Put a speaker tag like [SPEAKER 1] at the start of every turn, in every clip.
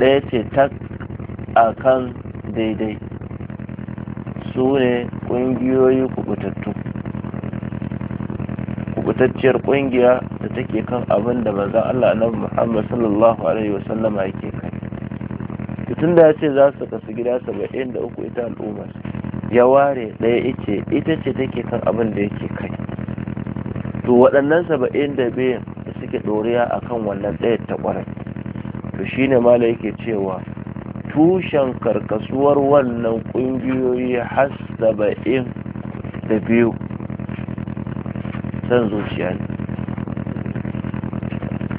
[SPEAKER 1] ɗaya ce tak a kan daidai su ne ƙungiyoyi kubutattu kubutacciyar ƙungiya da take kan abin da manzon Allah annabi Muhammad sallallahu alaihi wasallam yake kai tun da ya ce za su kasu gida saba'in da uku ita al'umma ya ware ɗaya ice ita ce take kan abin da yake kai to waɗannan saba'in da biyan da suke ɗoriya akan wannan ɗaya ta ƙwarai to shine mala yake cewa tushen karkasuwar wannan kungiyoyi har saba'in da biyu san zuciya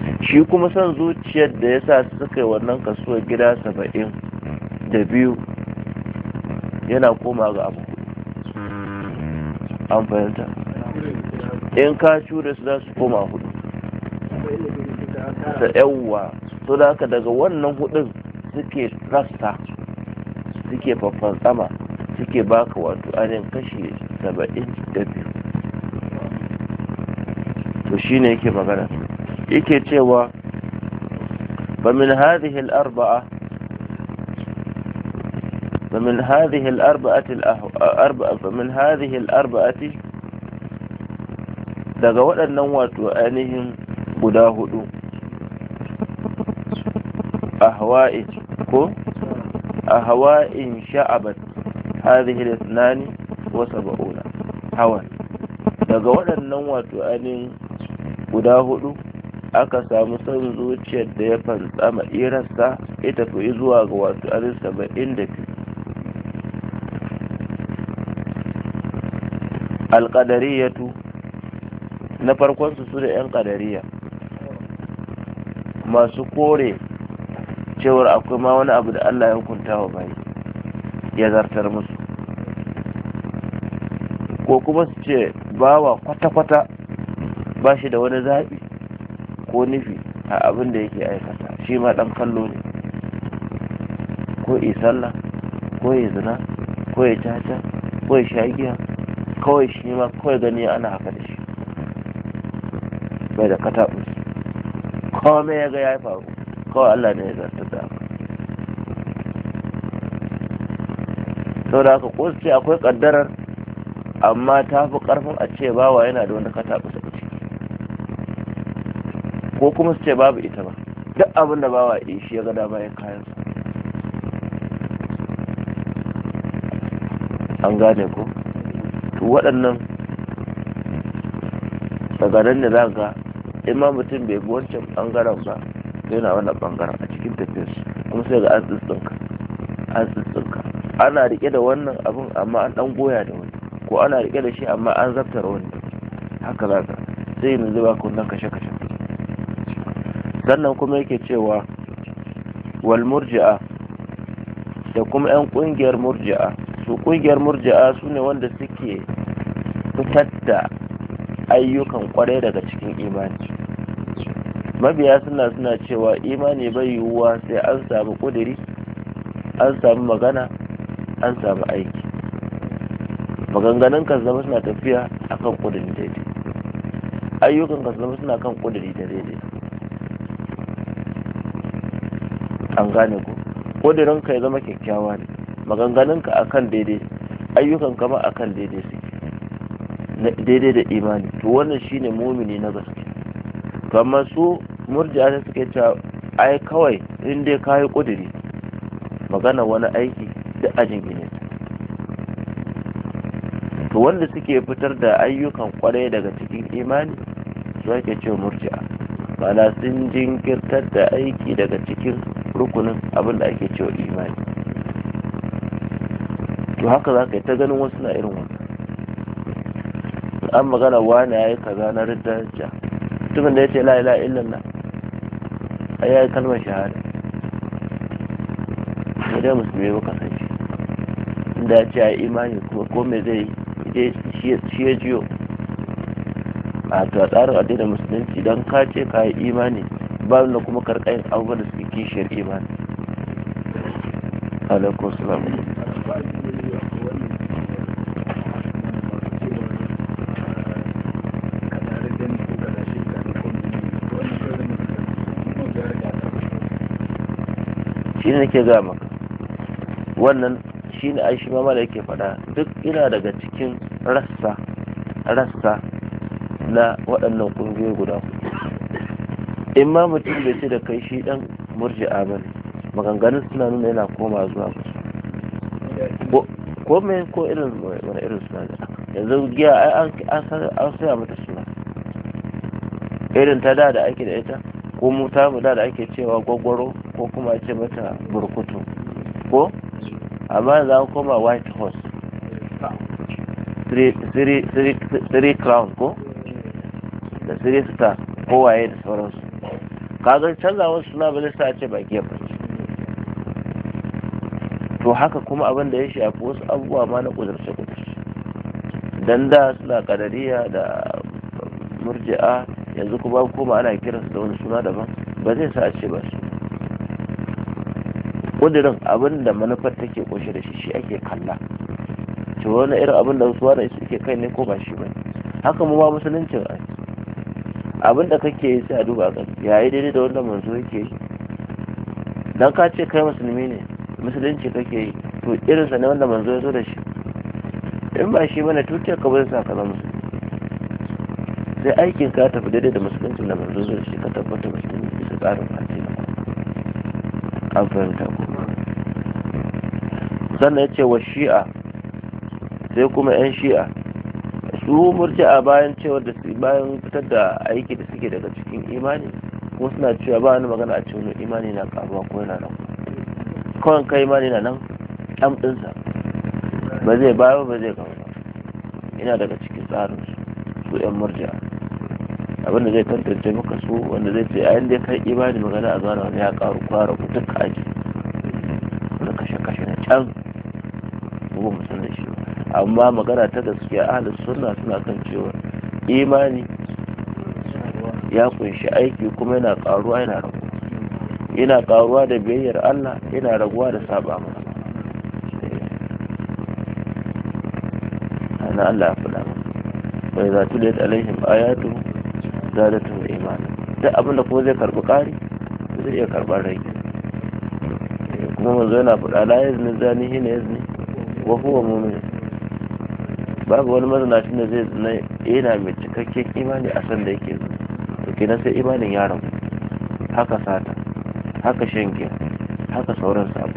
[SPEAKER 1] ne shi kuma san zuciyar da ya sa suka yi wannan kasuwar gida saba'in da biyu yana koma ga abu an fahimta in ka cure su za su koma hudu da yawwa to da haka daga wannan hudun suke rasta suke faffan sama suke baka wato anin kashi saba'in da biyu to shine yake magana yake cewa فمن هذه الأربعة فمن هذه الأربعة الأربعة فمن هذه الأربعة daga waɗannan wato ainihin guda hudu ahwa'in ko أهواء شعبت هذه الاثنان وسبعون هوا sab'una hawan daga waɗannan wato guda hudu aka samu son zuciyar da ya fantsama irarsa ita tafi zuwa ga wato anin saba'in da alƙadariyatu na farkon su da 'yan ƙadariya masu kore cewar akwai ma wani abu da Allah ya hukunta wa bai ya zartar musu ko kuma su ce bawa kwata-kwata ba shi da wani zaɓi ko nufi a abin da yake aikata shi ma ɗan kallo ne ko yi sallah ko yi zina ko yi caca ko yi shagiya kawai shi ma kawai gani ana haka da shi bai da kataɓus komai ya ga ya faru kawai Allah ne ya zarta da saboda haka ko ce akwai kaddarar amma ta fi karfin a ce bawa yana da wanda ka taɓa su ko kuma su ce babu ita ba duk abin da bawa ya shi ya gada bayan kayan an gane ko to waɗannan tsagarin da za ga in ma mutum bai bi wancan ɓangaren ba yana wannan bangaren a cikin su kuma sai ga an tsitsinka an tsitsinka ana rike da wannan abin amma an dan goya da wani ko ana rike da shi amma an zaftar wani haka za ka sai yanzu ba ku nan kashe kashe sannan kuma yake cewa wal murji'a da kuma yan kungiyar murji'a su kungiyar murji'a su ne wanda suke fitar da ayyukan kwarai daga cikin imani mabiya suna suna cewa imani bai yiwuwa sai an samu kuduri an samu magana an samu aiki maganganun ka zama suna tafiya a kan kuduri daidai ayyukan ka zama suna kan kuduri da daidai an gane ku kudurin ka ya zama kyakkyawa ne maganganun ka akan daidai ayyukan kama a akan daidai su daidai da imani to wannan shine mumini na gaske kamar su murji'a ta suke cewa ai kawai in dai yi kuduri magana wani aiki ajin a jingine to wanda suke fitar da ayyukan kwarai daga cikin imani su ake ce murji'a mana sun jinkirtar da aiki daga cikin rukunin abin da ake cewa imani to haka za ka yi ta ganin wasu na irin wannan an magana wani ya yi kaza na ridda mutumin da ya ce la'ila illan nan. ya yi kalmar shahada ne dai musulmi ba kasance inda ya ce ya imani kuma ko me zai shi ya jiyo a ta tsarin addinin musulunci don ka ce ka yi imani ba da kuma karkayin abubuwan da suke kishiyar imani alaikum salam shi ne ke ga maka wannan shi ne ai shi ma mala yake faɗa duk ina daga cikin rassa rassa na waɗannan ƙungiyoyi guda hudu in ma mutum bai ce da kai shi ɗan murji ba maganganun suna nuna yana koma zuwa ba ko me ko irin wani irin suna da yanzu giya ai an saya mata suna irin ta da da ake da ita ko mu ta da da ake cewa gwagwaro ko kuma ce mata burkutu ko amma za ku koma white horse three crown ko da three star waye da sauransu kaga canza wasu suna ba zai ce ba ya ba. to haka kuma abin da ya shafi wasu abubuwa ma na kudurce kudurce dan da suna kadariya da murji'a yanzu kuma kuma ana kiransu da wani suna daban ba zai sa a ce ba su kudirin abin da manufar take kunshe da shi shi ake kalla ce wani irin abin da wasu wani suke kai ne ko ba shi ba haka mu ba musuluncin ba abin da kake yi sai a duba ka yayi daidai da wanda manzo yake yi dan ka ce kai musulmi ne musulunci kake yi to irin sa ne wanda manzo ya zo da shi in ba shi bane tutiyar ka bai sa ka zama musulmi sai aikin ka tafi daidai da musulunci da manzo zai shi ka tabbata musulmi bisa tsarin fatima an sannan ya ce wa shi'a sai kuma 'yan shi'a su murji'a bayan cewar da bayan fitar da aiki da suke daga cikin imani kuma suna cewa ba wani magana a cikin imani na karuwa ko yana nan kawai kai imani na nan ɗan ɗinsa ba zai bayo ba zai gaba yana daga cikin tsarin su 'yan murji'a abinda zai tantance maka su wanda zai ce a ya kai imani magana a zara wani ya karu kwara ku duka aji wani kashe kashe na can mu mu san da shi amma magana ta gaskiya ahlus sunna suna kan cewa imani ya kunshi aiki kuma yana karuwa yana raguwa yana karuwa da biyayyar Allah yana raguwa da saba mana ana Allah ya faɗa masa wa idza tuliyat alaihim ayatuhu da imani duk abin da kuma zai karbi ƙari zai iya karɓar rai kuma manzo yana faɗa la yazni zani hina yazni wa huwa mu'min babu wani mazinacin da zai zina yana mai cikakken imani a san da yake to kenan sai imanin yaron haka sata haka shan giya haka sauran sabu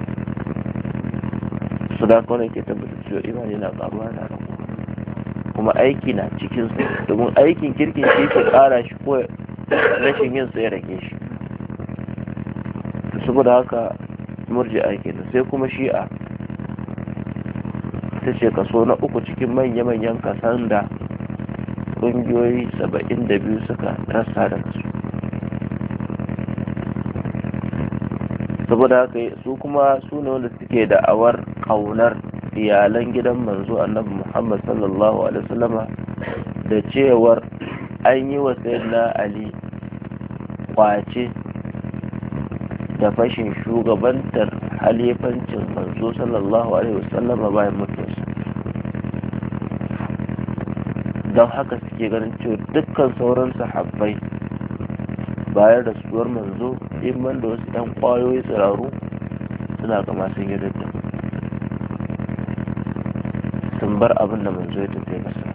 [SPEAKER 1] su da kawai ke tabbatar cewa imani yana karuwa da kuma aiki na su domin aikin kirkin shi ke kara shi ko rashin yin sai rage shi saboda haka murji'a na sai kuma shi'a ta ce kaso na uku cikin manya-manyan kasan da ƙungiyoyi saba'in da biyu suka rasa da su saboda haka su kuma su ne wanda suke awar kaunar. iyalan gidan manzo annabi muhammad sallallahu alaihi wasallama da cewar an yi wa sayyidina ali kwace da fashin shugabantar halifancin manzo sallallahu alaihi wasallama bayan mutuwarsa don haka suke ganin cewa dukkan sauran sahabbai bayar da suwar manzo in da wasu 'yan ƙwayoyi tsiraru suna kama sun yi dattin bar abin da manzo ya tafi masa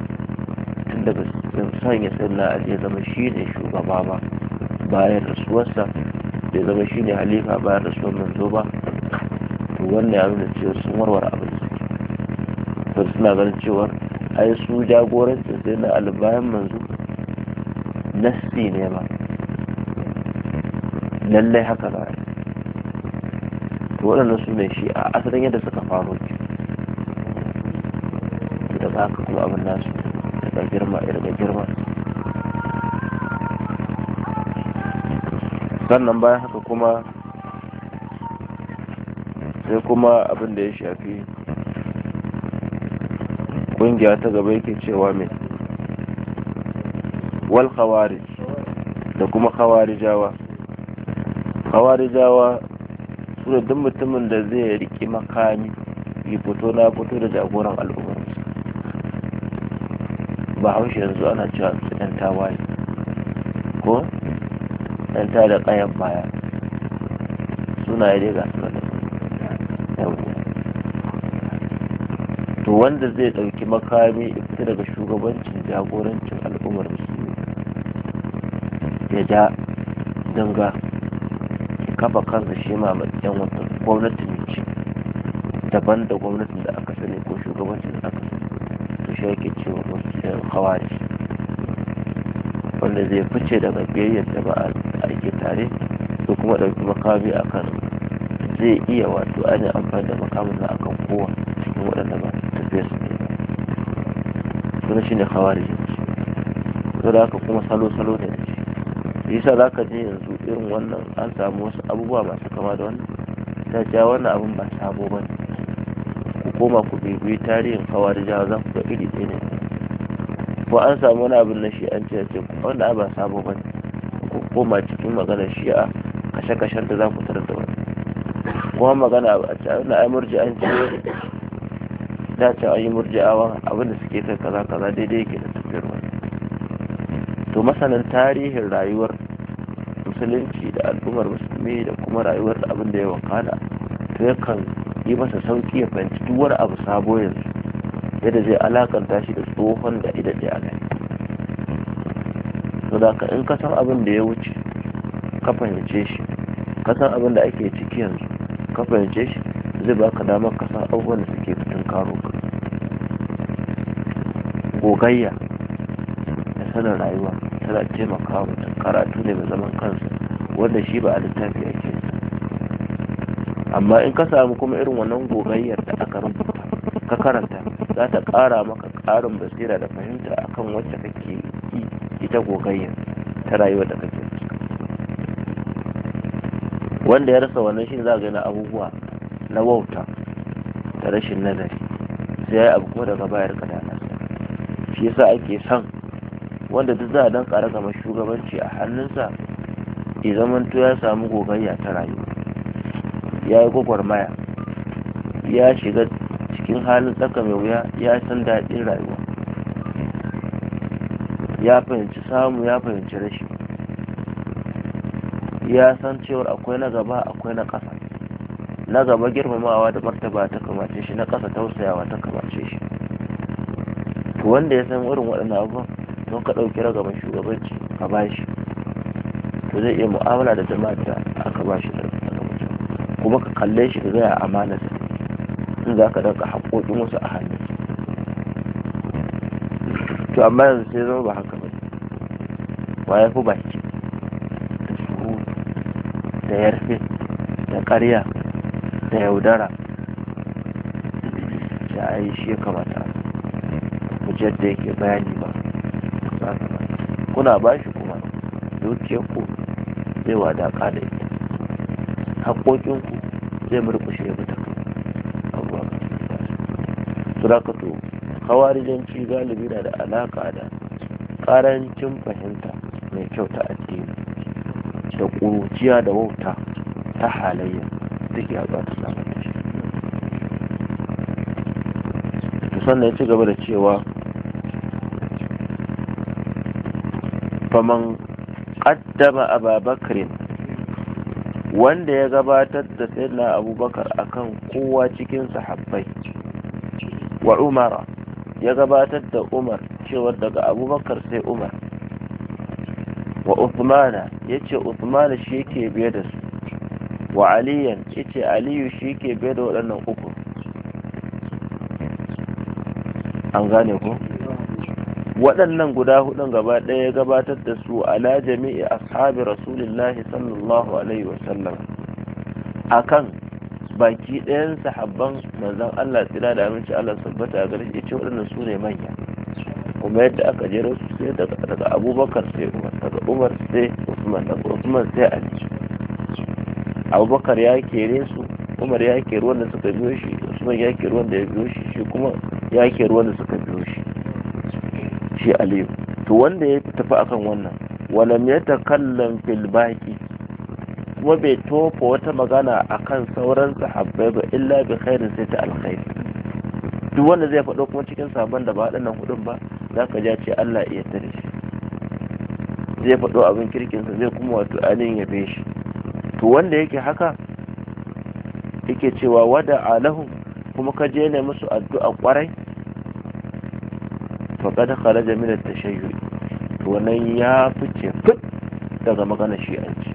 [SPEAKER 1] tun da ban sanya tsalla a ya zama shi ne shugaba ba bayan rasuwarsa bai zama shi ne halifa bayan rasuwar manzo ba to wannan ya nuna cewa sun warware abin su to suna ganin cewa ai su jagorancin sai na albayan manzo nassi ne ba lallai haka ba to waɗannan su ne shi a asalin yadda suka faro ki haka haka kuma abin nasu daga girma da girma sannan bayan haka kuma sai kuma abin da ya shafi kungiya ta gaba yake cewa mai wal khawarij da kuma khawarijawa khawarijawa su da duk mutumin da zai riƙi makami ya fito na fito da jagoran al'umma ba haushe yanzu ana cewa yan tawaye ko yan ta da kayan baya sunaye dai ga suna to wanda zai ɗauki makami ita fita daga shugabancin jagorancin al'ummar musulmi ya ja danga ya kafa kansa shi ma yan wata gwamnatin ce daban da gwamnatin da aka sani ko shugabancin da aka sani to shi ake cewa alkawari wanda zai fice daga biyayyar ba a ake tare ko kuma ɗauki makami a kan zai iya wato ana amfani da makamin na akan kowa cikin waɗanda ba ta fiye su ne suna shi ne kawari to da aka kuma salo-salo ne da shi sa za ka je yanzu irin wannan an samu wasu abubuwa masu kama da wannan ta ja wannan abin ba sabo ba ne ku koma ku bibiyi tarihin kawari jawa za ku ga iri ɗaya ne ko an samu wani abin na shi'anci a ce wanda ba sabo ba ko koma cikin magana shi'a kashe-kashen da za ku tarar da wani kuma magana a ce na ai murji'anci da ce an yi murji'awa abin da suke kai kaza kaza daidai yake da tafiyar wani to masanin tarihin rayuwar musulunci da al'ummar musulmi da kuma rayuwar abin da ya wakana to yakan yi masa sauki ya fahimci duk wani abu sabo yanzu yadda zai alakanta shi da tsohon da ida a kai to da ka in ka abin da ya wuce ka fahimce shi ka abin da ake ciki yanzu ka fahimce shi zai baka damar ka san abubuwan da suke fitin karo ka gogayya da sanin rayuwa tana taimakawa mutum karatu ne mai zaman kansa wanda shi ba a littafi ake amma in ka samu kuma irin wannan gogayyar da aka rubuta ka karanta za ta ƙara maka ƙarin basira da fahimta akan wacce kake yi ita gogayya ta rayuwa da kake wanda ya rasa wannan shi za ga na abubuwa na wauta da rashin nazari sai ya yi abu ko daga bayar dana shi yasa ake son wanda duk za a dan ƙara gama shugabanci a hannunsa ya zamanto ya samu gogayya ta rayuwa ya yi gwagwarmaya ya shiga cikin halin tsaka mai wuya ya san daɗin rayuwa ya fahimci samu ya fahimci rashi ya san cewar akwai na gaba akwai na ƙasa na gaba girmamawa da martaba ta kamace shi na ƙasa tausayawa ta kamace shi to wanda ya san irin waɗannan abubuwan don ka ɗauki ragaban shugabanci ka bashi to zai iya mu'amala da jama'a da aka bashi da kuma ka kalle shi ka gaya amanarsa yanzu za ka ɗauka haƙoƙin wasu a hannu to amma yanzu sai zama ba haka ba wa ya fi baki da suru da yarfe da ƙarya da yaudara da a yi shi ya kamata hujjar da yake bayani ba kuna ba shi kuma dukiyar ku zai wadaƙa da ita haƙoƙinku zai murƙushe ya surakato hawarijanci galibi na da alaka da karancin fahimta mai kyau ta addini da ƙuruciya da wauta ta halayya ke a ta samun da shi to ya ci gaba da cewa faman qaddama ababakrin wanda ya gabatar da sayyidina abubakar akan kowa cikin sahabbai wa umara ya gabatar da umar cewar daga abubakar sai umar wa uthmana ya ce uthmana shi yake biye da su wa aliyan ya ce aliyu shi yake biye da waɗannan uku an gane ku waɗannan guda hudun gaba ɗaya ya gabatar da su ala jami'i ashabi rasulullahi sallallahu alaihi wasallam akan baki ɗayan sahabban manzon Allah tsira da aminci Allah sabbata a garin ce waɗannan su ne manya kuma yadda aka jero su sai daga abubakar sai umar daga umar sai usman daga usman sai ali abubakar ya kere su umar ya kere wanda suka biyo shi usman ya kere wanda ya biyo shi shi kuma ya kere wanda suka biyo shi shi aliyu to wanda ya tafi akan wannan walam ya takallan fil baki kuma bai tofa wata magana akan sauran sahabbai ba illa bi khairin sai ta alkhairi duk wanda zai faɗo kuma cikin sabon da ba waɗannan hudun ba za ka ja ce Allah iya tare shi zai faɗo abin kirkin sa zai kuma wato alin ya shi to wanda yake haka yake cewa wada alahu kuma ka je ne musu addu'a kwarai kada kharaja min at tashayyu to wannan ya fice fit daga maganar shi'anci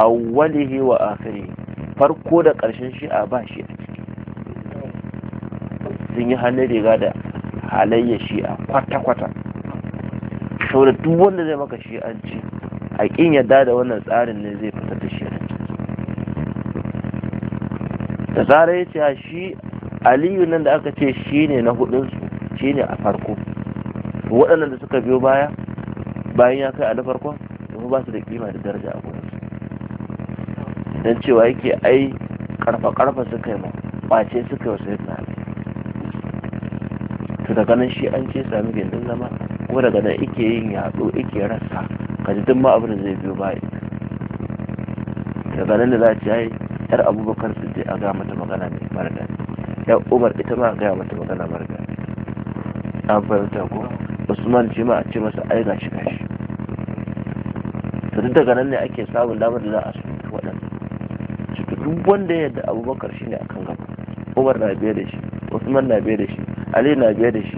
[SPEAKER 1] awwalihi wa akhirih farko da ƙarshen shi'a ba shi a ciki sun yi hannun riga da halayya shi a kwata-kwata da duk wanda zai maka shi an ci, haƙin yadda da wannan tsarin ne zai fitar da shi'anci da zarar ya ce shi aliyu nan da aka ce shi ne na hudunsu shi ne a farko waɗannan da suka biyo baya bayan ya kai a na farkon ba su da kima da daraja a gudu don cewa yake ai karfa-karfa suka yi ma ce suka yi wasu yadda to daga nan shi an ce sami gindin zama ko daga nan ike yin yaɗo ike rasa ka ji ma abin da zai biyo baya daga nan da za a ce ai yar abubakar su je a ga mata magana ne marga yar umar ita ma a gaya mata magana marga an fahimta ko usman ce ma a ce masa ai gashi gashi to duk daga nan ne ake samun damar da za a so duk wanda ya yarda abubakar shine akan gaba umar na biye da shi usman na biye da shi ali na biye da shi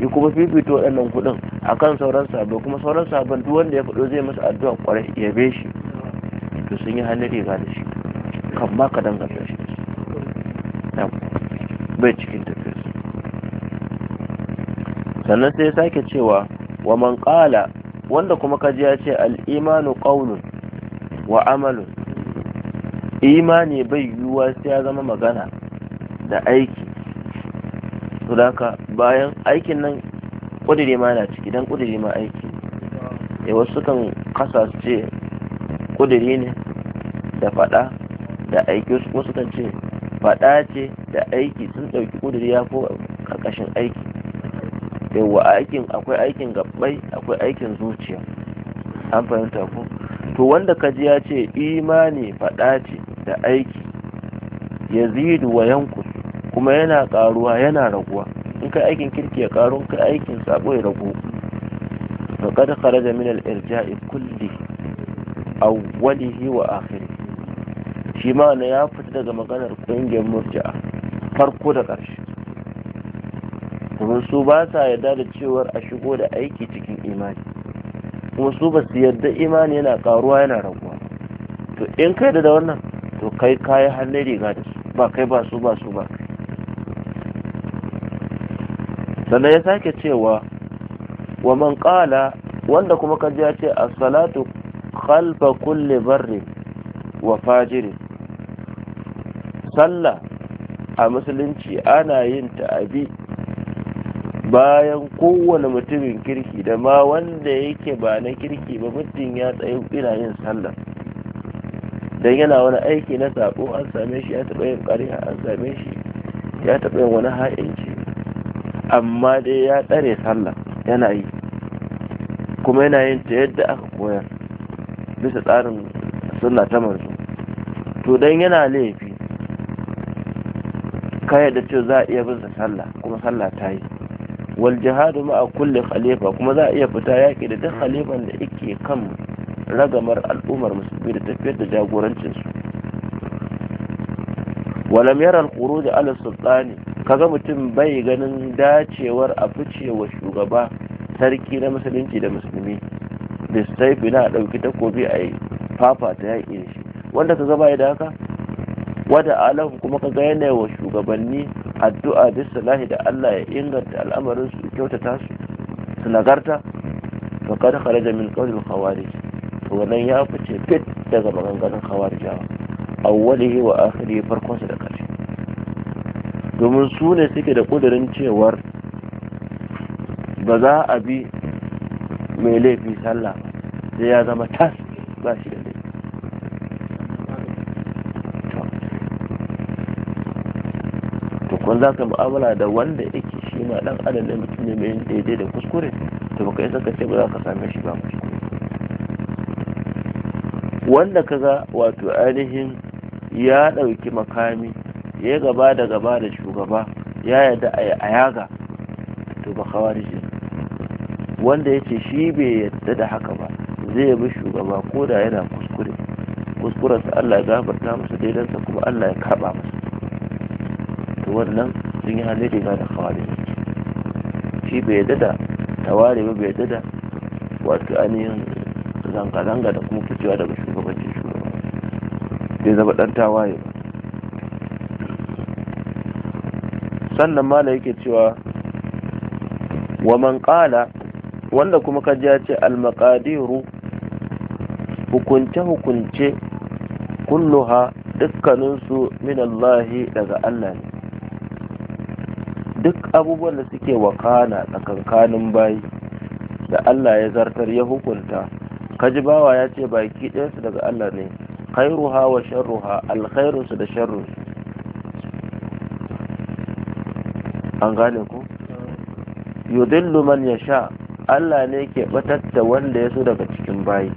[SPEAKER 1] ya kuma fifita waɗannan kuɗin akan sauran sabo kuma sauran sabon duk wanda ya faɗo zai masa addu'a kwarai ya be shi to sun yi hannun riga da shi kan ma ka danganta shi bai cikin tafiyar sannan sai ya sake cewa wa man wanda kuma kaji ya ce al'imanu imanu qawlun wa amalun imani bai yiwuwa sai ya zama magana da aiki haka bayan aikin nan kudiri ma na ciki dan kudiri ma aiki ya eh, wasu kan kasa su ce kudiri ne da fada da aiki wasu kan ce fada ce da aiki sun dauki kudiri ya ko karkashin aiki yawa aikin akwai aikin gabbai akwai aikin zuciya an fahimta ko to wanda kaji ya ce imani fada ce da aiki yazidu wa Yankun, kuma yana karuwa yana raguwa in ka aikin kirki ya karu ka aikin sabo ya ragu faqad kharaja min al-irja'i kulli awwalihi wa akhirih shi ma ya fita daga maganar kungiyar murji'a farko da ƙarshe Kuma su ba sa yarda da cewar a shigo da aiki cikin imani kuma su ba su yarda imani yana karuwa yana raguwa to in kai da wannan to kai kayi hannun riga da su ba kai ba su ba su ba sannan ya sake cewa wa man kala wanda kuma ka ji ya ce a salatu kalba kulle barri wa fajiri sallah a musulunci ana yin ta abi bayan kowane mutumin kirki da ma wanda yake ba na kirki ba mutum ya tsaye ina yin sallah dan yana wani aiki na sako an same shi ya taɓa yin ƙarya an same shi ya taɓa yin wani ha'inci amma dai ya tsare sallah yana yi kuma yana yin ta yadda aka koyar bisa tsarin sunna ta manzo to dan yana laifi kaya da ce za a iya bin sallah kuma sallah ta yi wal jihadu ma'a kulli khalifa kuma za a iya fita yaki da duk khalifan da yake kan ragamar al'ummar musulmi da tafiyar da jagorancinsu walam yara alƙuru da ala sultani kaga mutum bai ganin dacewar a ficewa shugaba sarki na musulunci da musulmi da saifi na ɗauki takobi a yi fafa ta yaƙi da shi wanda ka gaba da haka wada alahu kuma ka ga yanayi wa shugabanni addu'a bisa lahi da Allah ya inganta al'amarin su kyautata su su nagarta kare da min qawli al-khawarij wannan ya fice fit daga maganganun kawarijawa awwalihi wa akhiri farkonsa da ƙarshe domin su ne suke da kudurin cewar ba za a bi mai laifi sallah sai ya zama tas ba shi da laifi to kun za ka mu'amala da wanda yake shi ma dan adam ne mutum ne mai daidai da kuskure to baka yi saka ce ba za ka same shi ba kuskure wanda kaga wato ainihin ya ɗauki makami ya gaba da gaba da shugaba ya yarda a yaga to ba khawariji wanda ya ce shi bai yarda da haka ba zai bi shugaba ko da yana kuskure kuskurensa Allah ya gafarta masa daidansa kuma Allah ya karba masa to wannan sun yi halin da da khawariji shi bai yarda da tawari ba bai yarda da wato ainihin zanga-zanga da kuma ficewa daga shugaba zai zama dan tawaye sannan mala yake cewa wa man ƙala wanda kuma ka ya ce almakadiru hukunce-hukunce kulluha dukkaninsu min Allahi daga Allah ne duk abubuwan da suke wakana tsakankanin bayi da Allah ya zartar ya hukunta kaji bawa ya ce baki ɗayansu daga Allah ne khairuha wa sharruha alkhairu su da an gane ku yudillu man sha Allah ne ke batar da wanda ya so daga cikin bayi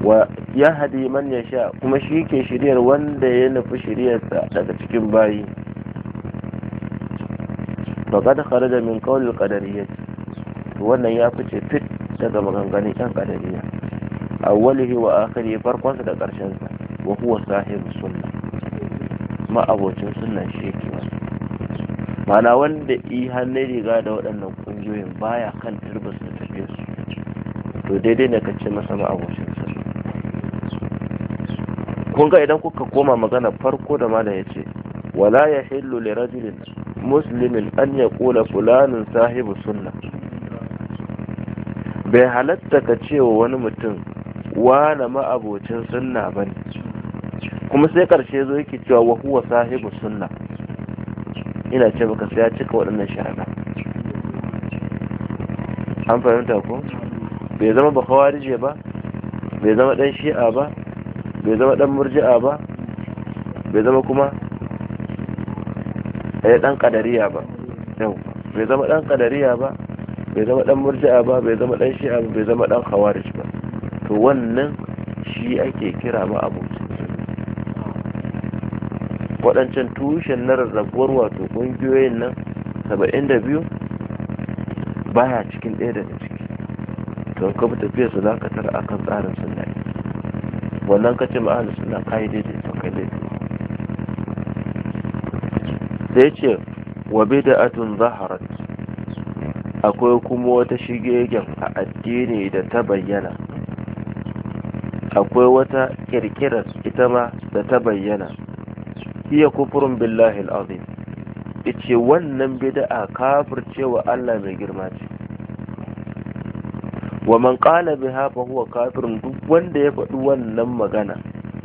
[SPEAKER 1] wa ya hadi man ya sha kuma shi ke shiryar wanda ya nufi shiryarsa daga cikin bayi faƙad da min qawlil qadariyya wannan ya fice fit daga maganganun yan qadariyya awwalihi wa akhiri farkonsa da karshen sa wa huwa sahibu sunna ma abocin sunnan shi yake mana wanda i hannun riga da waɗannan ƙungiyoyin baya kan turbas da tafiye su to daidai ne ka ce masa ma abocin sunna kun ga idan kuka koma magana farko da mala ya ce wala ya hillu li rajulin muslimin an ya kula fulanin sahibu sunna bai halatta ka cewa wani mutum wane ma'abocin sunna ba ne kuma sai karshe zo yake cewa wa huwa sahibu sunna ina ce baka sai ya cika waɗannan shahada an fahimta ko bai zama ba kawarije ba bai zama ɗan shi'a ba bai zama ɗan murji'a ba bai zama kuma ɗaya ɗan ƙadariya ba yau bai zama ɗan ƙadariya ba bai zama ɗan murji'a ba bai zama ɗan shi'a ba bai zama ɗan khawarij ba to wannan shi ake kira ma abokin waɗancan tushen na rarrabuwar wato ƙungiyoyin nan saba'in da biyu baya cikin ɗaya daga ciki to ka fi tafiya su za ka tara a kan tsarin suna wannan ka ce ma'ana suna kayi daidai to kai daidai sai ce wa bida'atun zaharat akwai kuma wata shigegen a addini da ta bayyana akwai wata kirkirar ita ma da ta bayyana hiya kufurin billahi al'azim ice wannan bid'a cewa Allah mai girma ce wa man qala biha fa huwa kafirun duk wanda ya faɗi wannan magana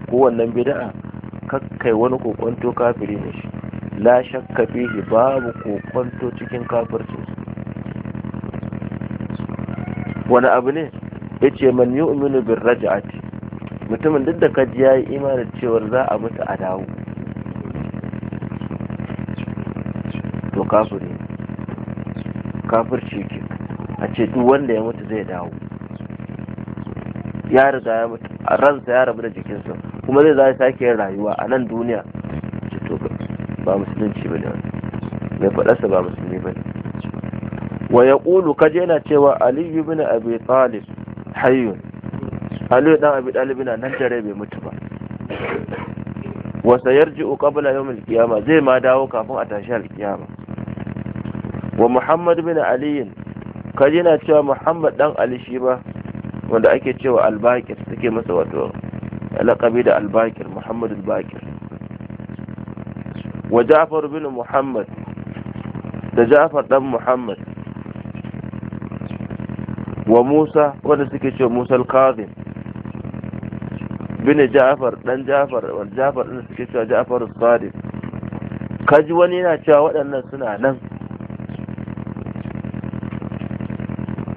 [SPEAKER 1] ko wannan bid'a kakkai wani kokonto kafiri ne shi la shakka fihi babu kokonto cikin kafirci wani abu ne yace man yu'minu bir raj'ati mutumin duk da kaji ya yi imanin cewar za a mutu a dawo to kafiri kafirci ke a ce duk wanda ya mutu zai dawo ya riga ya mutu a ransa ya rabu da jikinsa kuma zai za sake yin rayuwa a nan duniya ce to ba musulunci ba ne mai faɗarsa ba musulmi ba ne wa ya ƙulu kaje yana cewa aliyu bin abi talib hayyun aliyu dan abi dalibi na nan dare bai mutu ba wa sayarji'u qabla yawm al-qiyama zai ma dawo kafin a tashi al wa muhammad bin ali kaji na cewa muhammad dan ali shi ba wanda ake cewa al-baqir suke masa wato laqabi da al-baqir muhammad al-baqir wa ja'far bin muhammad da ja'far dan muhammad wa musa wanda suke cewa musa al-kadhim bin ja'far dan ja'far wal ja'far din suke cewa ja'far sadiq kaji wani yana cewa waɗannan suna nan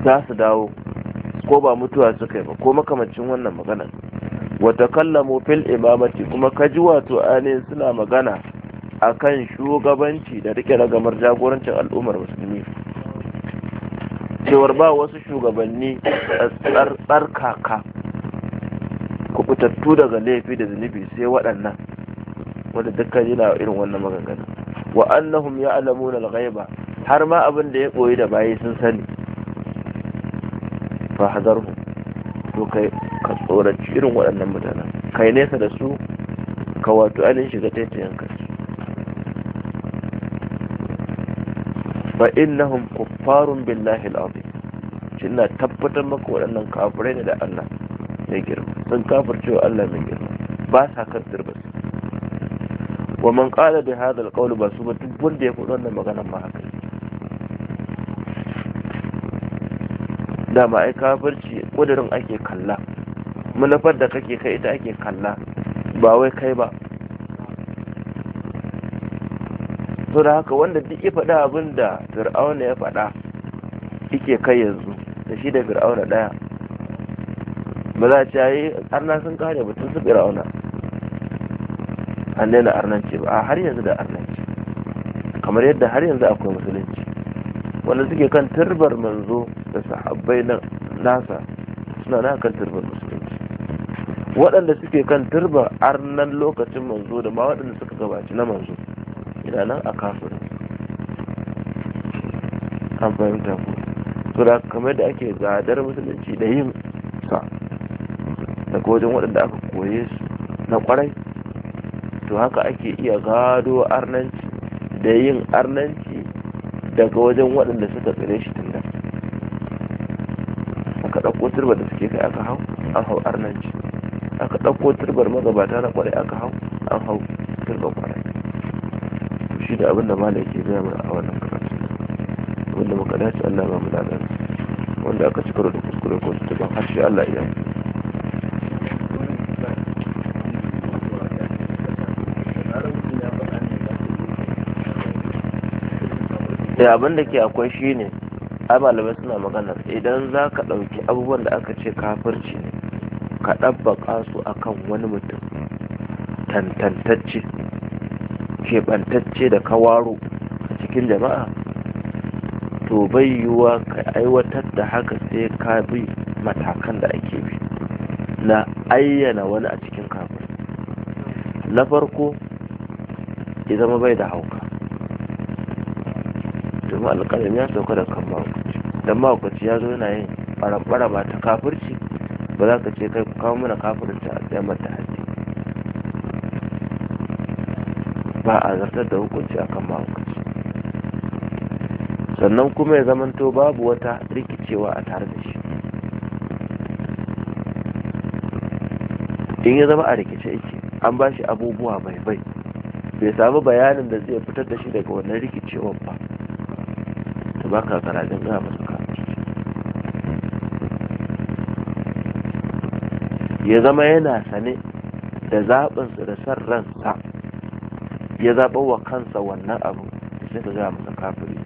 [SPEAKER 1] za su dawo ko ba mutuwa suka yi ba ko makamancin wannan magana wata kallamo fil imamati kuma kaji wato ainihin suna magana akan shugabanci da rike ragamar jagorancin al'ummar musulmi cewar ba wasu shugabanni tsarkaka fitattu daga laifi da zunubi sai waɗannan wanda dukkan yana irin wannan maganganu wa annahum ya'lamuna al-ghaiba har ma abin da ya koyi da bayi sun sani fa hadaru to kai ka tsoraci irin waɗannan mutanen kai nesa da su ka wato alin shiga taitayen ka fa innahum kuffarun billahi al-azim ina tabbatar maka waɗannan kafirai ne da Allah mai girma sun kafircewa Allah mai girma ba sa kan su wa man qala bi hadha al ba su ba duk wanda ya faɗi wannan magana ba haka dama ai kafirci kudirin ake kalla manufar da kake kai ita ake kalla ba wai kai ba to da haka wanda duk ya faɗa abin da fir'auna ya faɗa yake kai yanzu da shi da fir'auna ɗaya ba za a ce ai arna sun kare batun su fir'auna an daina arnanci ba a har yanzu da arnanci kamar yadda har yanzu akwai musulunci wanda suke kan turbar manzo da sahabbai na nasa suna na kan turbar musulunci waɗanda suke kan turbar arnan lokacin manzo da ma waɗanda suka gabaci na manzo ina nan a kafirin an fahimta ko so da kamar da ake gadar musulunci da yin sa daga wajen waɗanda aka koye su na kwarai to haka ake iya gado arnanci da yin arnanci daga wajen waɗanda suka tsire shi tun da aka ɗauko turbar da suke kai aka hau an hau arnanci aka ɗauko turbar magabata na kwarai aka hau an hau turbar kwarai to shi da abin da mala yake gaya mana a wannan karatu abin da muka dace Allah ba mu da wanda aka ci karo da kuskure ko su tuban har shi Allah ya yi da abin da ke akwai shine ai malamai suna magana idan za ka ɗauki abubuwan da aka ce kafirci ne ka ɗabbaka su a kan wani mutum tantantacce keɓantacce da kawaro a cikin jama'a to bai yiwuwa ka aiwatar da haka sai ka bi matakan da ake bi na ayyana wani a cikin kafir na farko ya zama bai da hauka kuma alƙalam ya sauka da kan mahaukaci dan mahaukaci ya zo yana yin ɓarabara ba ta kafirci ba za ka ce kai ku kawo mana kafirin ta a mata haji ba a zartar da hukunci akan mahaukaci sannan kuma ya zamanto babu wata rikicewa a tare da shi in ya zama a rikice yake an ba shi abubuwa bai bai bai samu bayanin da zai fitar da shi daga wannan rikicewar ba ba ka karatun gaya masu karatu ya zama yana sane da zaɓinsu da san ransa ya zaɓa wa kansa wannan abu sai ka gaya masa kafiri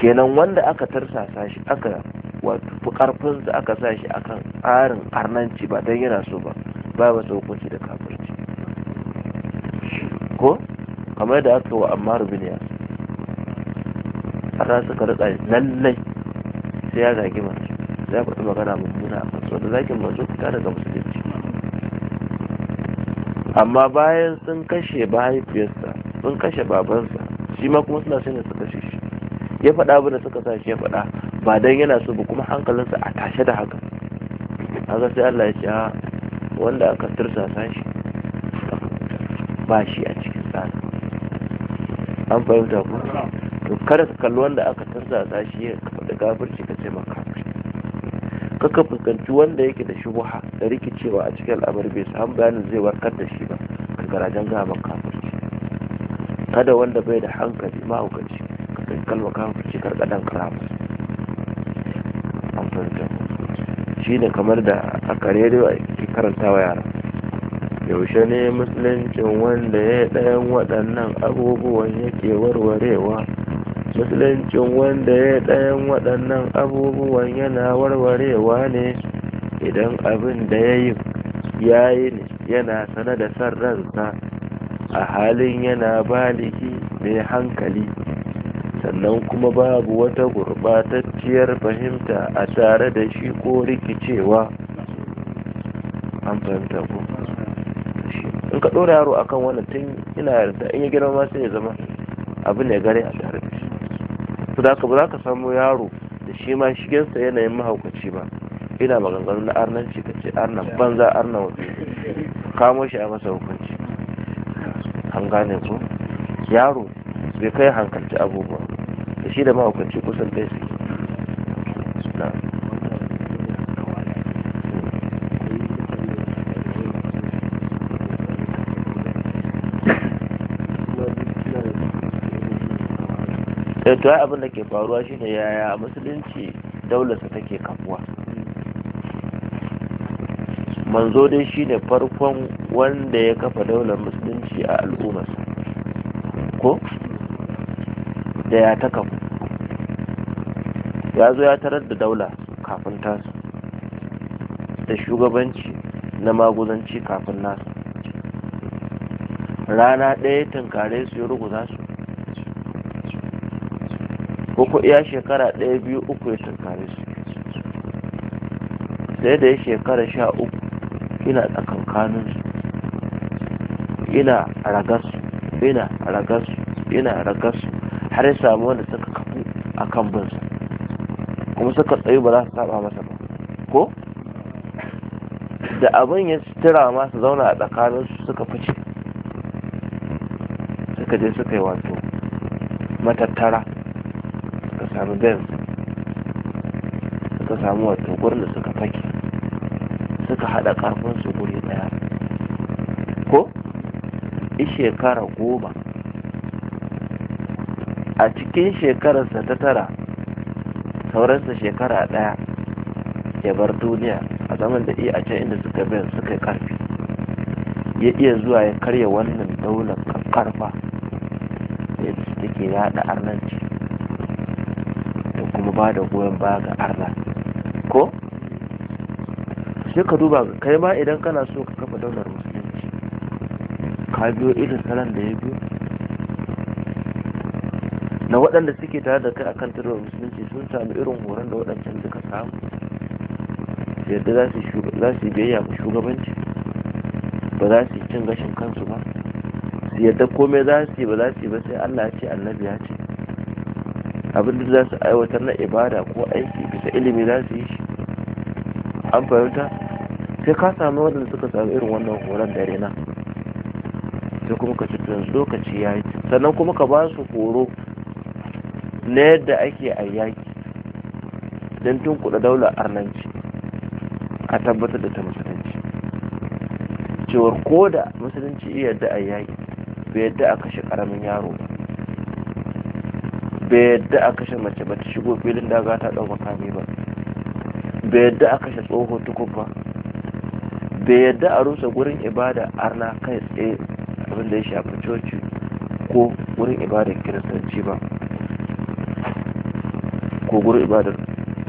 [SPEAKER 1] kenan wanda aka tarsasa shi aka wato fi ƙarfinsa aka sa shi akan tsarin arnanci ba don yana so ba ba masa hukunci da kafirci ko kamar da aka wa amma rubin yasa har suka rika lallai sai ya zagi masu sai ya faɗi magana mummuna a kansu wanda zagin masu fita daga musulunci amma bayan sun kashe mahaifiyarsa sun kashe babansa shi ma kuma suna shine su kashe shi ya faɗa abin da suka sa shi ya faɗa ba dan yana so ba kuma hankalinsa a tashe da haka haka sai Allah ya ce ah, wanda aka tursa shi ba shi a cikin tsada an fahimta ku to kada ka kalli wanda aka tanzasa shi da gafirci ka ce ma kafirci kaka fuskanci wanda yake da shubuha da rikicewa a cikin al'amari bai samu bayanin zai warkar da shi ba ka garajen gama kafirci kada wanda bai da hankali mahaukaci ka kai kalma kafirci karkadan karama shi ne kamar da aka rediyo ke karanta wa yara yaushe ne musuluncin wanda ya ɗayan waɗannan abubuwan yake warwarewa musuluncin wanda ya ɗayan waɗannan abubuwan yana warwarewa ne idan abin da ya yi ya yi ne yana sane da san ransa a halin yana baliki mai hankali sannan kuma babu wata gurɓatacciyar fahimta a tare da shi ko rikicewa an fahimta ko in ka ɗora yaro akan wannan tun ina yarda in girma sai ya zama abin da ya gare a tare da shi su da ba ka samu yaro da shi ma shigensa yanayin mahaukaci ba ina maganganu na arnanci ka ce arnan banza arnan wasu kamo shi a masa hukunci an gane ko yaro bai kai hankalci abubuwa da shi da mahaukaci kusan ɗaya suke to abin da ke faruwa shine yaya musulunci daularsa take kafuwa manzo dai ne farkon wanda ya kafa daular musulunci a al'ummarsa ko da ya ta kafu ya zo ya tarar da daula kafin tasu da shugabanci na maguzanci kafin nasu rana ɗaya tunkare su ya ruguza su ko ko iya shekara ɗaya biyu uku ya tunkare su sai da ya shekara sha uku ina tsakankanin su ina ragasu ina ragasu ina ragasu har ya samu wanda suka kafu a kan binsa kuma suka tsayi ba za su saba masa ba ko da abin ya sutura masu zauna a tsakanin su suka fice suka je suka yi wato matattara sami ben suka samu wato gurin da suka fake suka haɗa ƙarfinsu guri ɗaya ko i shekara goma a cikin shekararsa ta tara sauransa shekara ɗaya ya bar duniya a zaman da iya a can inda suka ben suka karfi ya iya zuwa ya karya wannan daular karfa da take yada arnanci kuma ba da goyon ba ga Allah ko sai ka duba kai ma idan kana so ka kafa daular musulunci ka biyo irin salon da ya biyo na waɗanda suke tare da kai akan tarwar musulunci sun sami irin horon da waɗancan suka samu yadda za su biyayya ga shugabanci ba za su yi cin gashin kansu ba su yadda komai za su yi ba za su yi ba sai Allah ce annabi ya ce abin da za su aiwatar na ibada ko aiki bisa ilimi za su yi shi an fahimta sai ka samu waɗanda suka samu irin wannan horon dare na sai kuma ka cikin lokaci ya yi sannan kuma ka ba su horo na yadda ake a yaki don tun kuɗa daular arnanci a tabbatar da ta musulunci cewar ko da musulunci iya yadda a yaki bai yadda a kashe ƙaramin yaro ba bai yadda a kashe mace ba ta shigo filin daga ta ɗau makami ba bai yadda a kashe tsoho tukun ba bai yadda a rusa gurin ibada arna kai tsaye abin da ya shafi coci ko gurin ibadar kiristanci ba ko gurin ibadar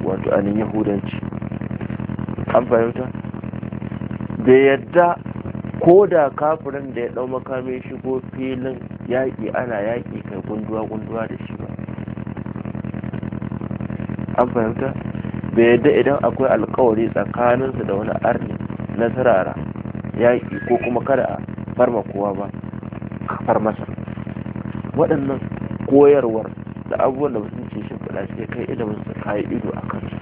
[SPEAKER 1] wato anin yahudanci an fahimta bai yadda ko da kafirin da ya ɗau makami shigo filin yaƙi ana yaƙi kai gunduwa-gunduwa da shi an fahimta bai yadda idan akwai alkawari tsakaninsu da wani arni na sarara yaƙi ko kuma kada a farma kowa ba kafar masa waɗannan koyarwar da abubuwan da mutum ce shi fada sai kai ilimin su ka yi ido a kansu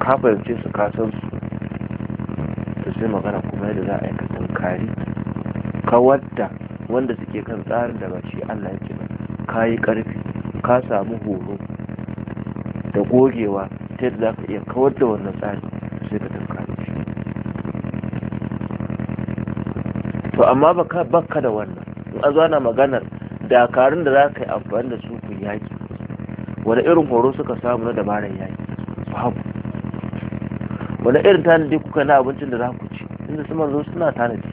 [SPEAKER 1] ka fahimce su ka san su ta sai magana kuma yadda za a yi ka tankari wanda suke kan tsarin da ba shi Allah ya ce ba ka yi ƙarfi ka samu horo da gogewa ta yadda za ka iya kawar da wannan tsari sai ka tafka to amma baka baka da wannan in a ana maganar dakarun da za ka yi amfani da su ku yaki wani irin horo suka samu na dabarar yaki babu wani irin tanadi kuka na abincin da za ku ci inda su manzo suna tanadi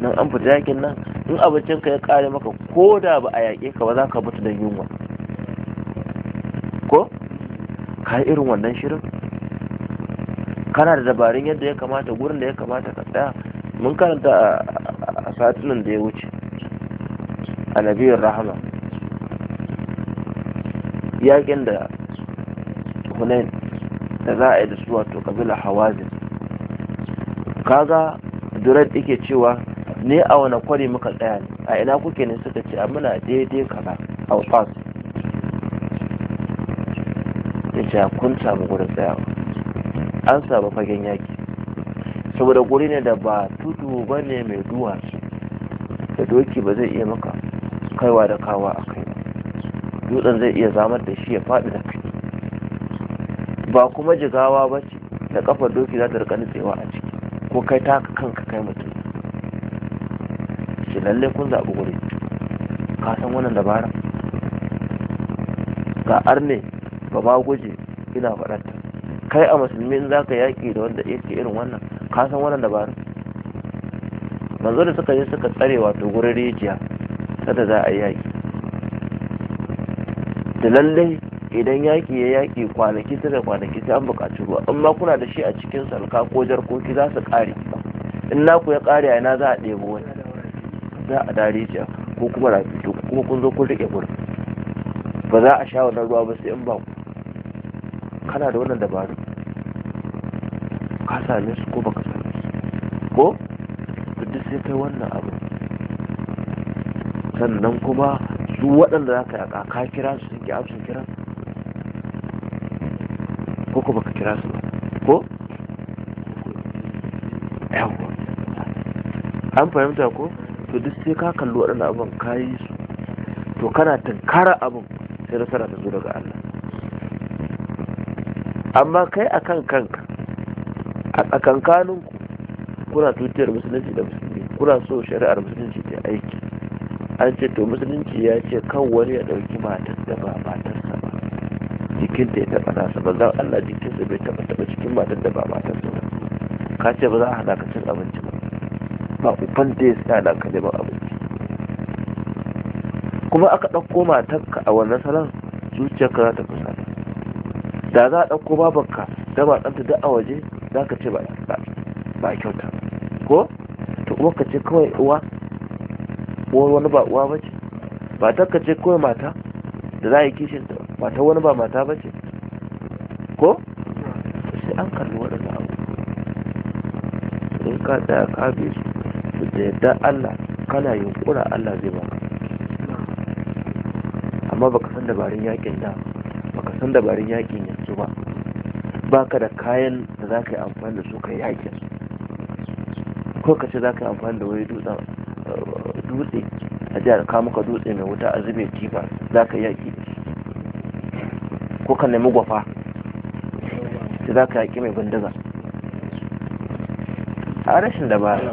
[SPEAKER 1] nan an fita yakin nan in abincin ka ya kare maka ko da ba a yaƙe ka ba za ka mutu da yunwa ka irin wannan shirin kana da dabarun yadda ya kamata gurin da ya kamata ka tsaya mun karanta a satinan da ya wuce a nabiyar rahama yakin da hunain da za a yi da su wato kabila hawazin kaga durad yake cewa ne a wani kwari muka tsaya ne a ina kuke ne suka ce a muna daidai kaza a wasu da kun samu gurin tsayawa an samu fagen yaki saboda guri ne da ba tudu ba ne mai duwatsu da doki ba zai iya maka kaiwa da kawa a kai dutsen zai iya zamar da shi ya faɗi da kai ba kuma jigawa ba ce da kafar doki za ta rika nutsewa a ciki ko kai ta kanka kai mutum shi lalle kun zaɓi guri ka san wannan dabara ga arne ba ma guje ina faɗar ta kai a musulmin za ka yaƙi da wanda yake irin wannan ka san wannan dabarun? manzo da suka je suka tsare wato gurin rijiya sada za a yaƙi da lallai idan yaƙi ya yaƙi kwanaki ta da kwanaki sai an buƙaci ruwa in ma kuna da shi a cikin salka ko jarkoki za su ƙare in naku ya ƙare a ina za a ɗebo wani za a dare rijiya, ko kuma rafi to kuma kun zo kun riƙe gurin ba za a sha wannan ruwa ba sai in ba ku kana da wannan dabaru ka same su ko baka same su ko duk sai kai wannan abu sannan kuma su waɗanda za ka yaƙa ka kira su sun ki sun kira ko ko baka kira su ba ko yawwa an fahimta ko to duk sai ka kalli waɗanda abin ka yi su to kana tunkara abin sai nasara ta zo daga Allah amma kai a kan kanka a ku kuna tutiyar musulunci da musulmi kuna so shari'ar musulunci ta aiki an ce to musulunci ya ce kan wani ya ɗauki matar da ba matarsa ba jikinta ya taɓa nasa ba zan allah jikinsa bai taɓa taɓa cikin matar da ba matarsa ba ka ce ba za a hana ka cin abinci ba ba uban da ya sa hana ka neman abinci kuma aka ɗauko ka a wannan salon zuciyarka za ta kusa da za a ɗauko babanka da ba ɗanta duk a waje za ka ce ba a kyauta ko ta uwa ka ce kawai uwa uwar wani ba uwa ba ce ba ta ka ce kawai mata da za a yi kishin ta mata wani ba mata ba ce ko sai an kalli waɗanda abu in ka tsaya ka bi su da yadda Allah kana yunkura Allah zai ba amma baka san dabarun yakin da baka san dabarun yakin ya ba baka da kayan da za ka yi amfani da su ka yi su ko ka ce za ka yi amfani da wani eh, dutse a jihar kamuka dutse mai wuta a zube kifa za ka yi yaki ko ka nemi gwafa ce za ka yaki mai bindiga a rashin dabara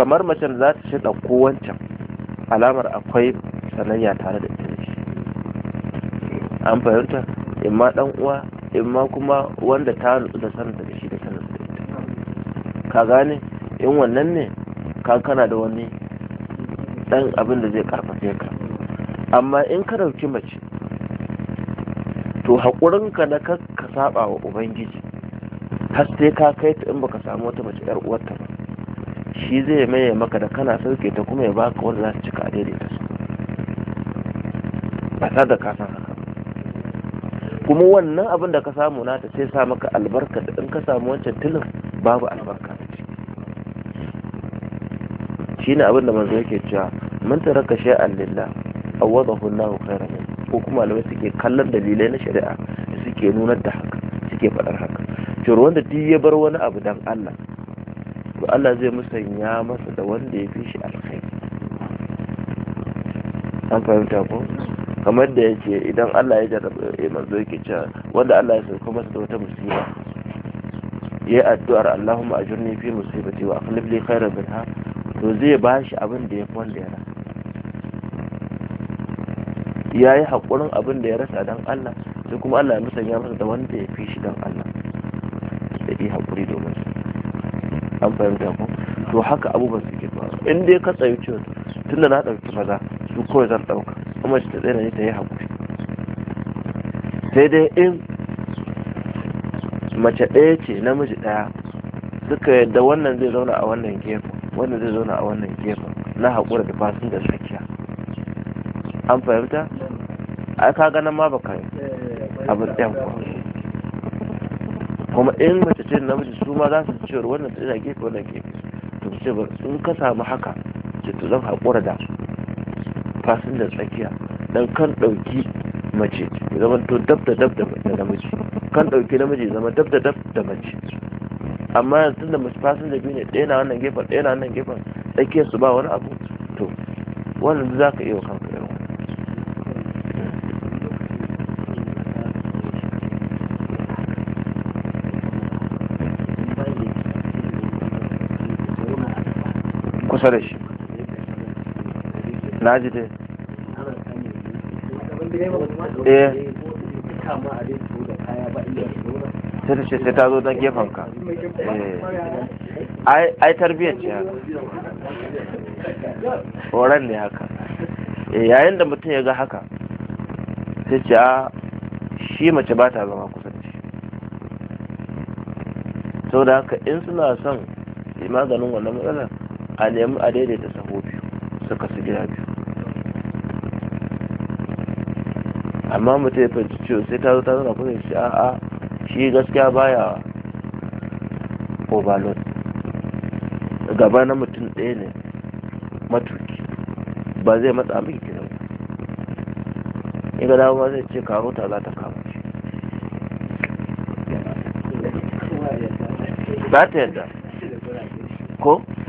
[SPEAKER 1] kamar macen za ta shaɗa ko wancan alamar akwai sanayya tare da ita shi an fahimta in ma ɗan uwa in ma kuma wanda ta nutsu da sanar da shi da sanar da ita ka gane in wannan ne ka kana da wani ɗan abin da zai karfafe ka amma in ka ɗauki mace to haƙurinka na ka saba wa ubangiji har sai ka kai ta in baka samu wata mace yar uwarta shi zai maye maka da kana sauke ta kuma ya baka wanda za su cika a daidaita su ba sa da kasan haka kuma wannan abin da ka samu nata sai sa maka albarka da in ka samu wancan tilin babu albarka da ciki shi ne abin da manzo yake cewa man taraka a wadda awadahu Allahu khairan ko kuma alwai suke kallon dalilai na shari'a suke nunar da haka suke faɗar haka to wanda duk ya bar wani abu dan Allah to Allah zai musanya masa da wanda ya fi shi alkhairi an fahimta ko kamar da yake idan Allah ya jarabe mai manzo yake cewa wanda Allah ya sauka masa da wata musiba ya addu'ar Allahumma ajurni fi musibati wa akhlif li khairan minha to zai bashi abin da ya fi wanda ya rasa ya yi haƙurin abin da ya rasa dan Allah sai kuma Allah ya musanya masa da wanda ya fi shi dan Allah da yi haƙuri domin su an fahimta ko to haka abubuwan suke faru in dai ka tsayi cewa tunda na ɗauki maza su kawai zan ɗauka kuma shi ta tsira ne ta yi haƙuri sai dai in mace ɗaya ce namiji ɗaya suka yadda wannan zai zauna a wannan gefen wannan zai zauna a wannan gefen na haƙura da fasin da tsakiya an fahimta ai ka ganin ma baka yi
[SPEAKER 2] abin ɗan kuwa
[SPEAKER 1] kuma in mace ce namiji su ma za su ci cewar wannan tsira gefe wannan gefe to ce ba sun ka samu haka ce to zan haƙura da fasin da tsakiya dan kan ɗauki mace ya zama to dab da dab da namiji kan ɗauki namiji ya zama dab da dab da mace amma yanzu da mace fasin da biyu ne ɗaya na wannan gefen ɗaya na wannan gefen tsakiyar su ba wani abu to wannan za ka iya kanka kusa da shi na ji dai
[SPEAKER 2] eh sai
[SPEAKER 1] ta ce sai ta zo don gefen ka
[SPEAKER 2] eh.
[SPEAKER 1] ai tarbiyyar ce haka horon ne haka eh, yayin da mutum ya ga haka sai ce a ah, shi mace ba ta zama kusa da shi saboda haka in suna son maganin wannan matsalar a nemi a daidaita sahu biyu suka su gida biyu amma mutum ya fahimci ciwo sai ta zo ta zauna kuma shi a'a shi gaskiya baya overload gaba na mutum ɗaya ne matuki ba zai matsa miki gida ba in ga dawo zai ce karota za ta kama shi za ta yadda ko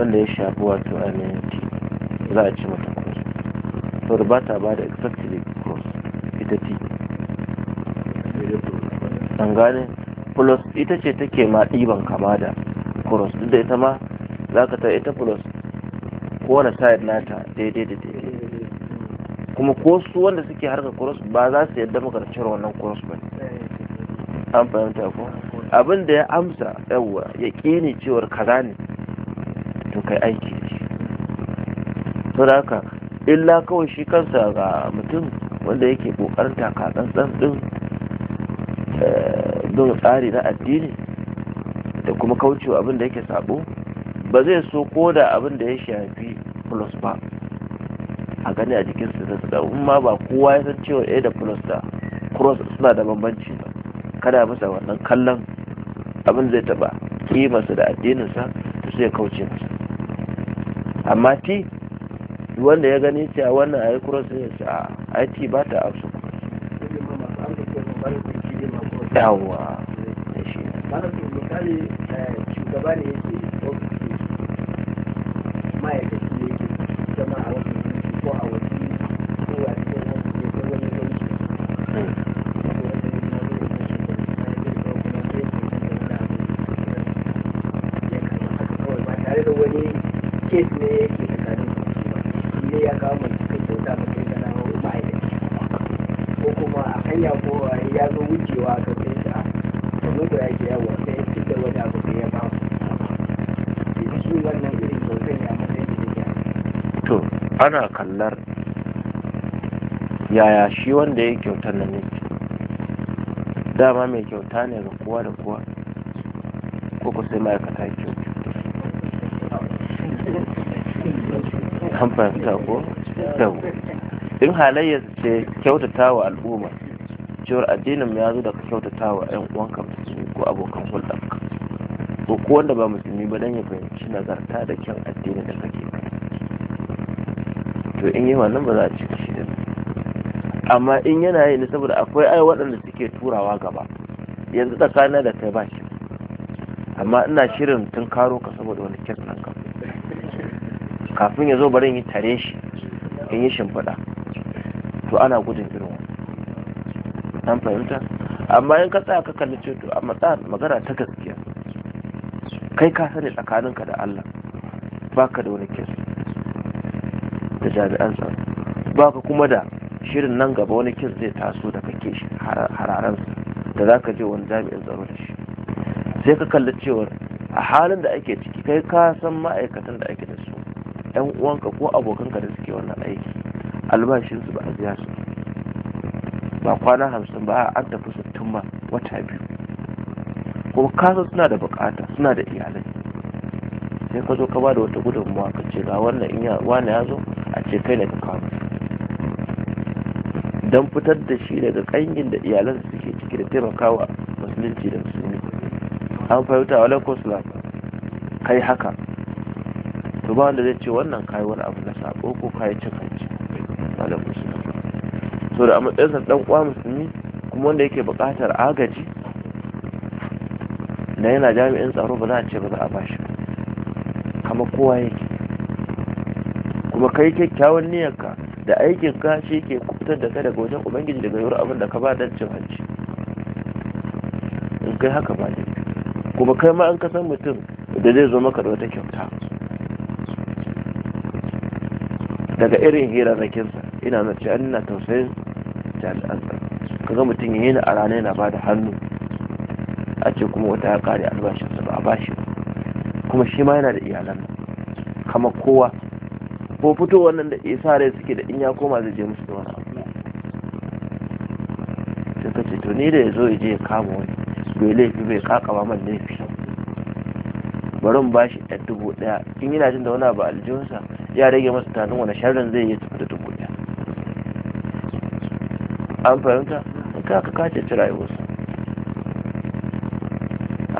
[SPEAKER 1] abin da ya shafi wato ainihin za a ci mata cross da ba ta ba da exactly cross ita ti an gane plus ita ce take ma ɗiban kama da cross duk da ita ma za ka ta ita plus kowane side nata daidai da daidai kuma ko su wanda suke harka cross ba za su yadda maka da cire wannan cross ba an fahimta ko abin da ya amsa yawwa ya ƙi ne cewar kaza ne to kai aiki da shi to da haka illa kawai shi kansa ga mutum wanda yake kokarin takatsantsan din eh, bin tsari na addini da kuma kaucewa abin da yake sabo ba zai so ko da abin da ya shafi plus ba a gani a jikin su da su in ma ba kowa ya san cewa a da plus da cross suna da bambanci ba kada masa wannan kallon abin zai taba kimarsa da addininsa to ya kauce masa amma ti wanda ya gani cewa wannan a yi cross eh, ya ce a ai ti ba ta absu yawa
[SPEAKER 2] shugaba ne yake ma'aikaci ne yake zama a wani ko a wani
[SPEAKER 1] ana kallar yaya shi wanda ya kyauta na yake dama mai kyauta ne ga kowa da kowa ko ku sai ma'aikata kyauta an fahimta ko yau in halayya ce kyautata wa al'umma cewar addinin ya zo daga kyautata wa 'yan uwanka musulmi ko abokan hulɗarka ko ko wanda ba musulmi ba dan ya fahimci nazarta da kyan addinin da kake kai to in yi wannan ba za a ci shi da amma in yana yi ne saboda akwai ai waɗanda suke turawa gaba yanzu tsakanin da kai ba shi amma ina shirin tun karo ka saboda wani kyan nan ka kafin ya zo bari in yi tare shi in yi shimfiɗa to ana gudun irin an fahimta amma in ka tsaya ka kalli ce to a magana ta gaskiya kai ka sani tsakaninka da Allah baka da wani kyan da jami'an tsaro ba ka kuma da shirin nan gaba wani kis zai taso da kake shi hararansa da za ka je wani jami'in tsaro da shi sai ka kalli cewar a halin da ake ciki kai ka san ma'aikatan da ake da su yan uwanka ko abokanka da suke wannan aiki albashinsu ba a biya su ba kwana hamsin ba an tafi sittin ba wata biyu kuma kasa suna da bukata suna da iyalai sai ka zo ka ba da wata gudunmawa ka ce ga wannan in ya zo a ce kai daga kawo don fitar da shi daga kangin da iyalan suke ciki da taimakawa musulunci da musulmi an fahimta wa alaikosla kai haka to ba wanda zai ce wannan kayi wani abu na sabo ko kayi cin hanci alaikosla so da a matsayinsa dan kwa musulmi kuma wanda yake buƙatar agaji na yana jami'in tsaro ba za a ce ba za a bashi kama kowa yake kuma kai kyakkyawan niyyarka da aikin ka shi ke kubutar da kai daga wajen ubangiji daga yawar abin da ka ba dan cin hanci in kai haka ba ne kuma kai ma an ka san mutum da zai zo maka da wata kyauta daga irin hirarrakinsa ina na an na tausayin jami'an tsaro kaga mutum ya yi na a rana yana ba da hannu a ce kuma wata ya kare albashinsa ba a bashi ba kuma shi ma yana da iyalan kama kowa ko fito wannan da isa rai suke da in ya koma zai je musu da wani abu sai ka ce to ni da ya zo ya je ya kama wani bai laifi bai ba man laifi bari in bashi ɗan dubu ɗaya in yana jin da wani abu aljihunsa ya rage masa tanin wani sharrin zai yi tafi da dubu ɗaya an fahimta in ka ka kace ci rayuwarsa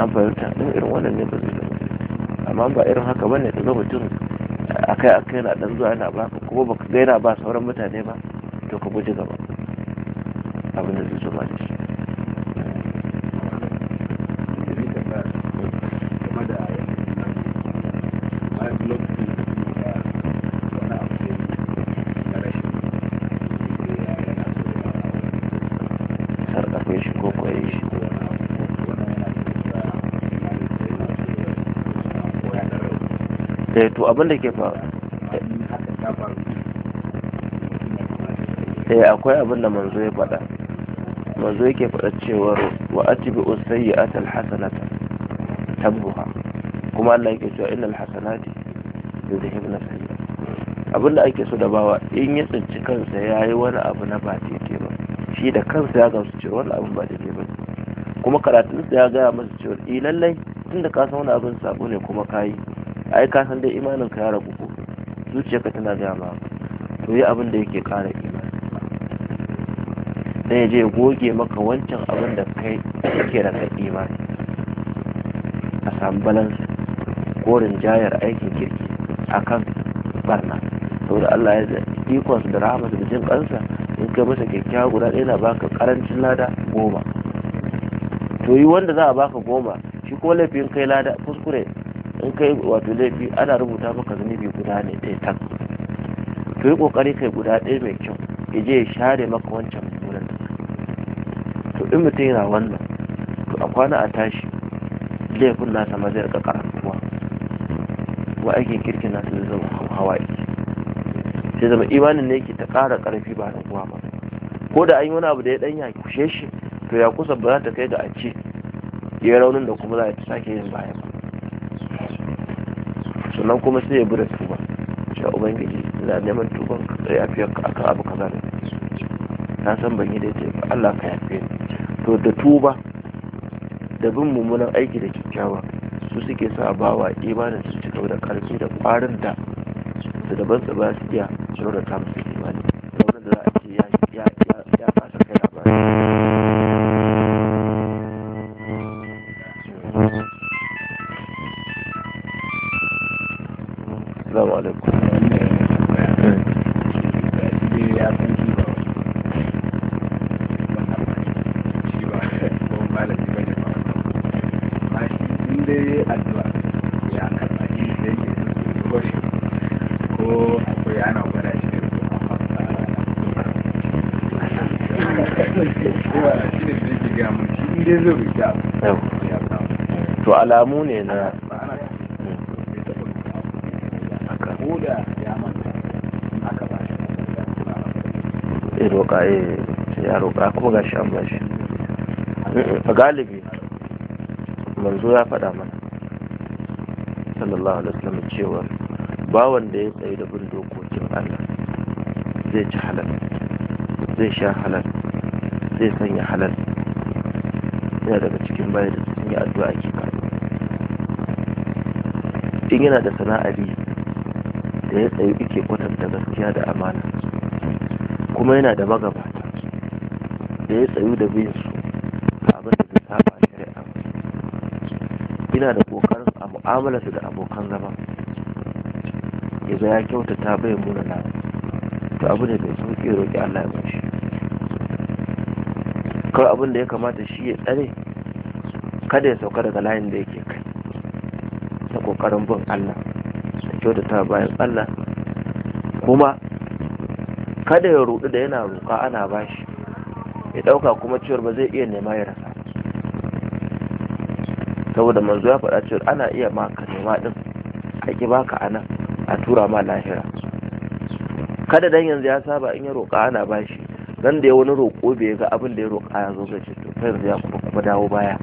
[SPEAKER 1] an fahimta in irin wannan ne ba zai zama amma ba irin haka ne ka zama mutum akai akai na dan zuwa ina baka kuma baka ga ina ba sauran mutane ba to ka guji gaba abin da zai zo ba shi to abin da ke faru eh akwai abin da manzo ya faɗa manzo yake faɗa cewar wa atibi usayyi'ata alhasanata tabuha kuma Allah yake cewa innal hasanati yudhibna sayyi'at abin da ake so da bawa in ya tsinci kansa ya yi wani abu na ba daidai ba shi da kansa ya gamsu cewa wani abu ba daidai ba kuma karatun sa ya gaya masa cewa eh lallai tunda ka san wani abin sabo ne kuma ka yi ai ka san dai imanin ka ya ragu ko zuciyarka tana gaya ma to yi abin da yake kara imani dan je goge maka wancan abin da kai yake da kai imani a samu balance ko jayar aikin kirki akan barna da Allah ya ikon da rahama da jin kansa in kai masa kyakkyawa guda ɗaya na baka karancin lada goma to yi wanda za a baka goma shi ko laifin kai lada kuskure in kai wato laifi ana rubuta maka zunubi guda ne ɗaya tan to yi kokari kai guda ɗaya mai kyau ya je ya share maka wancan mummunan to in mutum yana wannan to a kwana a tashi laifin nasa ma zai rika karantuwa wa aikin kirkin nasa zai zama hawaii sai zama imanin ne ke ta ƙara ƙarfi ba kuwa ba ko da an yi wani abu da ya ɗan ya kushe shi to ya kusa ba za ta kai ga a ce ya raunin da kuma za a sake yin bayan ba sannan kuma sai ya bude tuba cewa ubangiji suna neman tuban a akan abu kaza da na san ban yi daidai ba Allah ka ya fiye to da tuba da bin mummunan aiki da kyakkyawa su suke sa bawa imanin su ci da karfi da kwarin da su daban su ba su iya su da ta musu salo ne na ya roƙa eh, ya roƙa kuma ga shi an ba shi a galibi manzo ya faɗa mana sallallahu alaihi wasallam cewa bawan da ya tsaye da bin dokokin Allah zai ci halal zai sha halal zai sanya halal yana daga cikin bayan da sun yi addu'a ke mutum yana da sana'ar yi da ya tsaye yake kwatanta gaskiya da amana kuma yana da magabata da ya tsayu da bin su abin da saba shari'a yana da kokarin a su da abokan zama ya zaya kyauta ta bai muna na to abu ne bai sauƙi roƙi Allah ya bashi kawai abin da ya kamata shi ya tsare kada ya sauka daga layin da yake kai kokarin bin Allah da kyautata bayan Allah kuma kada ya rudu da yana roƙa ana bashi ya ɗauka kuma cewar ba zai iya nema ya rasa saboda manzo ya faɗa cewar ana iya ma ka nema ɗin a ƙi baka a nan a tura ma lahira kada dan yanzu ya saba in ya roƙa ana bashi nan da ya wani roƙo bai ga abin da ya roƙa ya zo ga to yanzu ya kuma dawo baya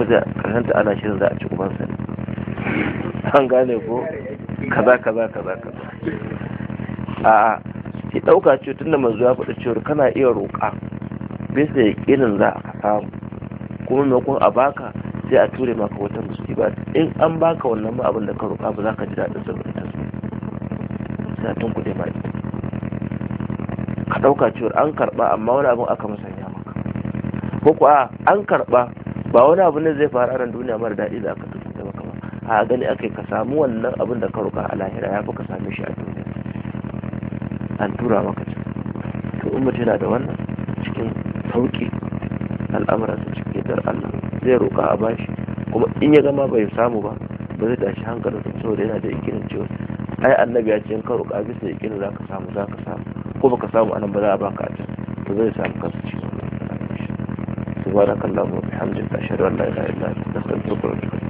[SPEAKER 1] fita karanta ana shirin za a ci ubansa ne an gane ko kaza kaza kaza kaza a ki ɗauka ce tunda manzo ya faɗi cewar kana iya roƙa bisa yaƙinin za a samu kuma maimakon a baka sai a ture maka wata ba in an baka wannan ba abin da ka roƙa ba za ka ji daɗin sa ta su sai tun kuɗe ma ka ɗauka cewar an karɓa amma wani abin aka musanya maka ko kuwa an karɓa ba wani abu ne zai faru a nan duniya mara daɗi da aka tafi maka ba a gani ake ka samu wannan abin da ka roka a lahira ya fi ka same shi a duniya an tura maka can to in mutum yana da wannan cikin sauƙi al'amuran su cike dar Allah zai roka a bashi kuma in ya gama bai samu ba ba zai tashi hankalinsa saboda yana da ikinin cewa ai annabi ya ce in ka roka bisa yakinin za ka samu za ka samu ko ka samu anan ba za a baka a can to zai samu kansa سبحانك اللهم وبحمدك اشهد ان لا اله
[SPEAKER 2] الا أنت نستغفرك ونتوب إليك